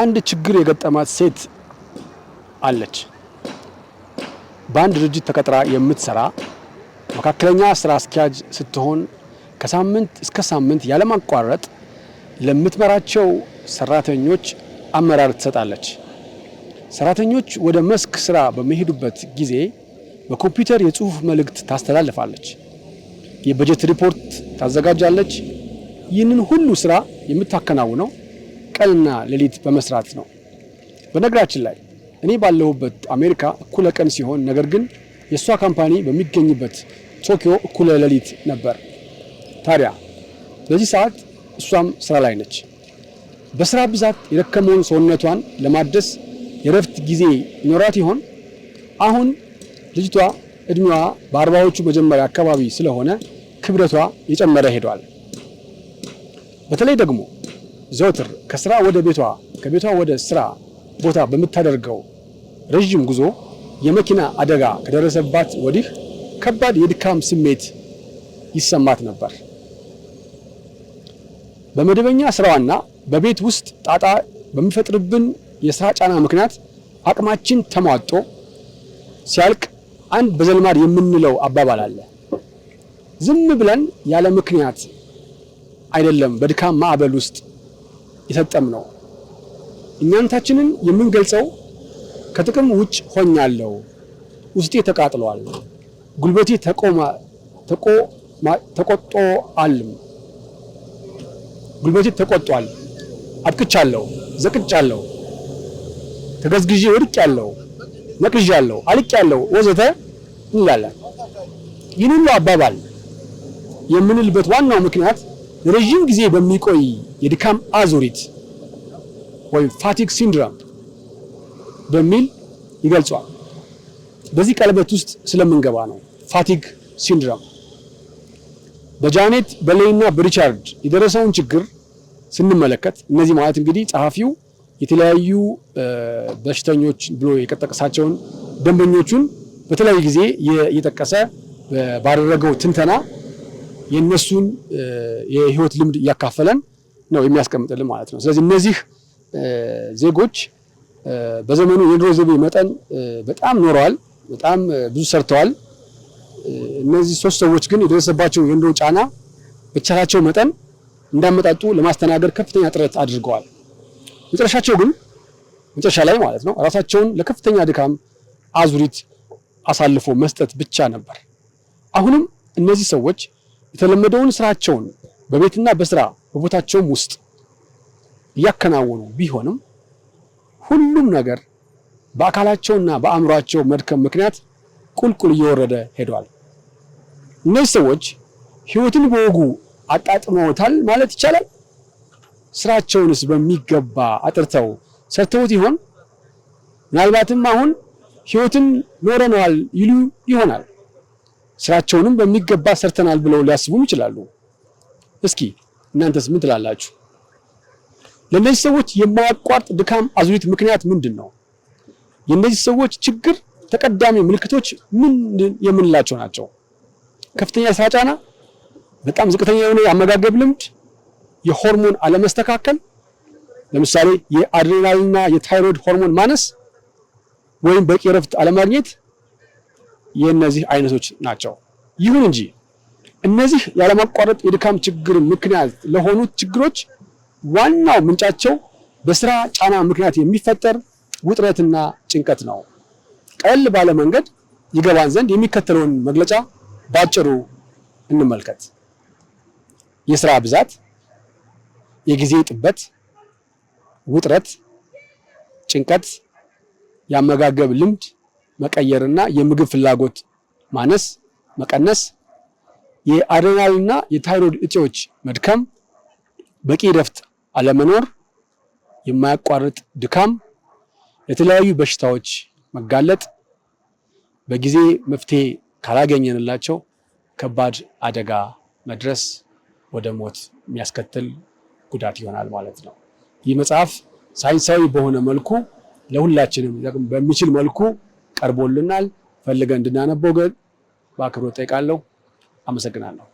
አንድ ችግር የገጠማት ሴት አለች። በአንድ ድርጅት ተቀጥራ የምትሰራ መካከለኛ ስራ አስኪያጅ ስትሆን ከሳምንት እስከ ሳምንት ያለማቋረጥ ለምትመራቸው ሰራተኞች አመራር ትሰጣለች። ሰራተኞች ወደ መስክ ስራ በሚሄዱበት ጊዜ በኮምፒውተር የጽሁፍ መልእክት ታስተላልፋለች፣ የበጀት ሪፖርት ታዘጋጃለች። ይህንን ሁሉ ስራ የምታከናውነው ቀንና ሌሊት በመስራት ነው። በነገራችን ላይ እኔ ባለሁበት አሜሪካ እኩለ ቀን ሲሆን፣ ነገር ግን የእሷ ካምፓኒ በሚገኝበት ቶኪዮ እኩለ ሌሊት ነበር። ታዲያ በዚህ ሰዓት እሷም ስራ ላይ ነች። በስራ ብዛት የደከመውን ሰውነቷን ለማደስ የረፍት ጊዜ ይኖራት ይሆን? አሁን ልጅቷ እድሜዋ በአርባዎቹ መጀመሪያ አካባቢ ስለሆነ ክብደቷ የጨመረ ሄዷል። በተለይ ደግሞ ዘውትር ከስራ ወደ ቤቷ ከቤቷ ወደ ስራ ቦታ በምታደርገው ረዥም ጉዞ የመኪና አደጋ ከደረሰባት ወዲህ ከባድ የድካም ስሜት ይሰማት ነበር። በመደበኛ ስራዋና በቤት ውስጥ ጣጣ በሚፈጥርብን የስራ ጫና ምክንያት አቅማችን ተሟጦ ሲያልቅ አንድ በዘልማድ የምንለው አባባል አለ። ዝም ብለን ያለ ምክንያት አይደለም በድካም ማዕበል ውስጥ የሰጠም ነው። እኛነታችንን የምንገልጸው ከጥቅም ውጭ ሆኛለሁ፣ ውስጤ ተቃጥሏል፣ ጉልበቴ ተቆጦ አልም ጉልበቴ ተቆጧል፣ አብቅቻለሁ፣ ዘቅጫለሁ፣ ተገዝግዤ ወድቄያለሁ፣ ነቅዣለሁ፣ አልቄያለሁ ወዘተ እንላለን። ይህን ሁሉ አባባል የምንልበት ዋናው ምክንያት ረዥም ጊዜ በሚቆይ የድካም አዙሪት ወይም ፋቲግ ሲንድሮም በሚል ይገልጿል። በዚህ ቀለበት ውስጥ ስለምንገባ ነው ፋቲግ ሲንድሮም። በጃኔት በሌይና በሪቻርድ የደረሰውን ችግር ስንመለከት እነዚህ ማለት እንግዲህ ጸሐፊው የተለያዩ በሽተኞች ብሎ የጠቀሳቸውን ደንበኞቹን በተለያዩ ጊዜ እየጠቀሰ ባደረገው ትንተና የእነሱን የህይወት ልምድ እያካፈለን ነው የሚያስቀምጥልን ማለት ነው። ስለዚህ እነዚህ ዜጎች በዘመኑ የኑሮ ዘይቤ መጠን በጣም ኖረዋል፣ በጣም ብዙ ሰርተዋል። እነዚህ ሶስት ሰዎች ግን የደረሰባቸው የኑሮ ጫና በቻላቸው መጠን እንዳመጣጡ ለማስተናገድ ከፍተኛ ጥረት አድርገዋል። መጨረሻቸው ግን መጨረሻ ላይ ማለት ነው ራሳቸውን ለከፍተኛ ድካም አዙሪት አሳልፎ መስጠት ብቻ ነበር። አሁንም እነዚህ ሰዎች የተለመደውን ስራቸውን በቤትና በስራ በቦታቸውም ውስጥ እያከናወኑ ቢሆንም ሁሉም ነገር በአካላቸውና በአእምሯቸው መድከም ምክንያት ቁልቁል እየወረደ ሄዷል። እነዚህ ሰዎች ህይወትን በወጉ አጣጥመውታል ማለት ይቻላል። ስራቸውንስ በሚገባ አጥርተው ሰርተውት ይሆን? ምናልባትም አሁን ህይወትን ኖረነዋል ይሉ ይሆናል። ስራቸውንም በሚገባ ሰርተናል ብለው ሊያስቡም ይችላሉ። እስኪ እናንተስ ምን ትላላችሁ? ለእነዚህ ሰዎች የማያቋርጥ ድካም አዙሪት ምክንያት ምንድን ነው? የእነዚህ ሰዎች ችግር ተቀዳሚ ምልክቶች ምንድን የምንላቸው ናቸው? ከፍተኛ የስራ ጫና፣ በጣም ዝቅተኛ የሆነ የአመጋገብ ልምድ፣ የሆርሞን አለመስተካከል፣ ለምሳሌ የአድሬናልና የታይሮይድ ሆርሞን ማነስ ወይም በቂ ረፍት አለማግኘት የእነዚህ አይነቶች ናቸው። ይሁን እንጂ እነዚህ ያለማቋረጥ የድካም ችግር ምክንያት ለሆኑት ችግሮች ዋናው ምንጫቸው በስራ ጫና ምክንያት የሚፈጠር ውጥረትና ጭንቀት ነው። ቀለል ባለ መንገድ ይገባን ዘንድ የሚከተለውን መግለጫ ባጭሩ እንመልከት። የስራ ብዛት፣ የጊዜ ጥበት፣ ውጥረት፣ ጭንቀት፣ የአመጋገብ ልምድ መቀየርና የምግብ ፍላጎት ማነስ መቀነስ፣ የአድሬናልና የታይሮይድ እጢዎች መድከም፣ በቂ ረፍት አለመኖር፣ የማያቋርጥ ድካም፣ ለተለያዩ በሽታዎች መጋለጥ በጊዜ መፍትሄ ካላገኘንላቸው ከባድ አደጋ መድረስ ወደ ሞት የሚያስከትል ጉዳት ይሆናል ማለት ነው። ይህ መጽሐፍ ሳይንሳዊ በሆነ መልኩ ለሁላችንም በሚችል መልኩ ቀርቦልናል። ፈልገን እንድናነበው ግን በአክብሮት ጠይቃለሁ። አመሰግናለሁ።